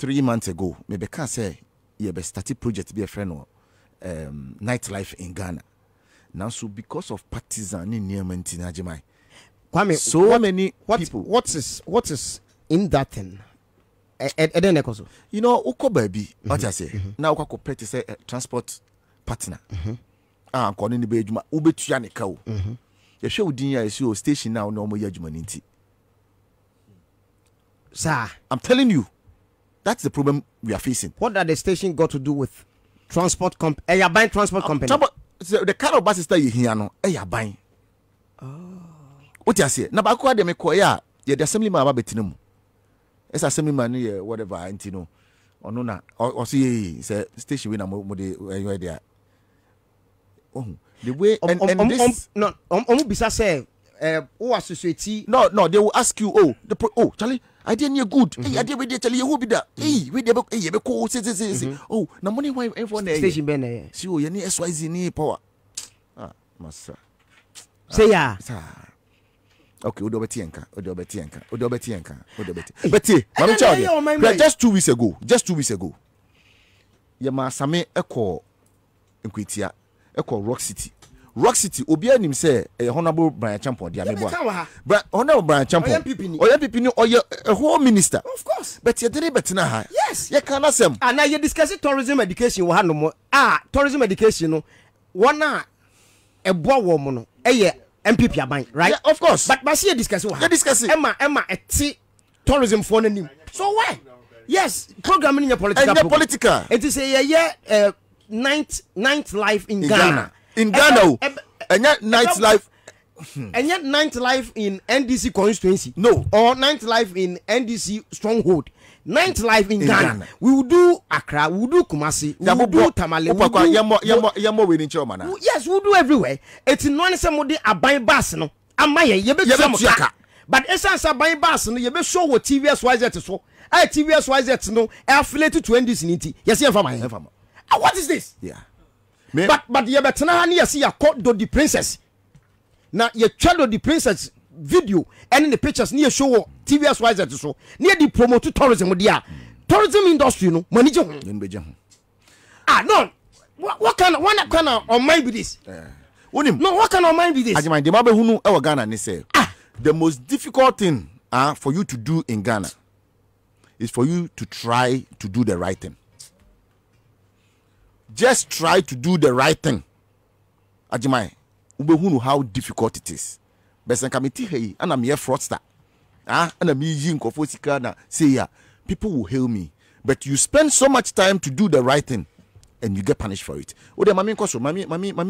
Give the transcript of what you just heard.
three months ago maybe can mebɛka sɛ started project bi yɛfrɛ no um, nightlife in ghana Now, so because of partisan ne nneɛma nti no Kwame, so what, many what, people what is what is in that thing ɛdɛn na ɛkɔ you know baby. Mhm. What I say now? wokɔ akɔpɛ te sɛ transport partner mhm. Ah, a nkɔne ne bɛyɛ adwuma wobɛtua ne ka o yɛhwɛ wo din a ɛsi o station a wo ne ɔmɔyɛ adwuma no nti saa i'm telling you That's the problem we are facing. What does the station got to do with transport comp? A buying transport ah, company. Uh, so the kind of buses that you hear now, no, a buying. Oh. What you say? Now, baako ade me kɔ ya, ye the assemblyman aba betene mu. It's assemblyman ye whatever anti no. Ɔno na ɔso ye sɛ station we na mo de ɛyɛ eh, dia. Oh, the way um, and, um, and um, this um, no, um, um, bisa say uh, who associate. No, no, they will ask you, oh, the pro- oh, Charlie, I didn't hear good. Mm-hmm. Hey, I didn't really Charlie, you will be there. Mm-hmm. Hey, we dey hey, you be cool. Say, mm-hmm. Oh, na money why everyone there. Station Ben there. See, oh, you need SYZ need power. Ah, massa. Say ya. Ah, sir. Okay, odo beti enka, odo beti enka, odo beti enka, odo beti. Beti, mami Charlie. Just two weeks ago, just two weeks ago. Yɛ maa sami ɛkɔ Nkwetia ɛkɔ Rock City rock city obi anim sɛ ɛyɛ eh, honourable brian champo di amebo a brian honourable brian champo ɔyɛ npp ni ɔyɛ npp eh, minister of course bɛtɛ yɛde ne ha yes yɛ kan n'asɛm. ana ah, yɛ discuss tourism education wɔ ha nom a ah, tourism education no wɔn a ɛboa wɔn mo no ɛyɛ npp aban right yeah, of course but basi yɛ discuss wɔ ha yɛ discuss ɛma ɛma ɛti tourism fo n'anim so why yes program ni yɛ political program yɛ political eti sɛ yɛ yɛ eh, ninth ninth life in, in ghana. ghana in ghana o oh, ɛnyɛ night life. ɛnyɛ hmm. night life in ndc constituency. no or night life in ndc stronghold night life in, in ghana. ghana we will do accra we will do kumasi we will do tamale we will do yɛmɔ yɛmɔ yɛmɔ wei ni nkyɛn o ma na. yes we will do everywhere eti nɔɔni sɛ mo de aban baasi no ama yɛ yɛ bɛ tuya mo ka but esan sa aban baasi no yɛ bɛ show wɔ tvs yz so ɛyɛ tvs yz no ɛ e affiliate to ndc ni ti yɛ si yɛn fa ma ah, what is this. Yeah but but yɛbɛtena ha ne yɛsi yɛakɔ dodi princess na yɛtwa dodi princess video ɛne ne pictures ne yɛshow wɔ tvs yz so ne yɛde promote tourism deɛ a tourism industry no mani gye ho ah no what kind what kind of ɔman be this eh, wonim no what kind of ɔman be this agyeman deɛ mabɛhunu ɛwɔ ghana ne sɛ ah the most difficult thing uh, for you to do in ghana is for you to try to do the right thing just try to do the right thing agyemaye wobɛhunu how difficult it is bɛsɛnka mete ha yi ana meyɛ fraudster ah ana meyi nkɔfoɔ sika na sei a people will hail me but you spend so much time to do the right thing and you get punished for it wode mami nkɔ so mami mami mami.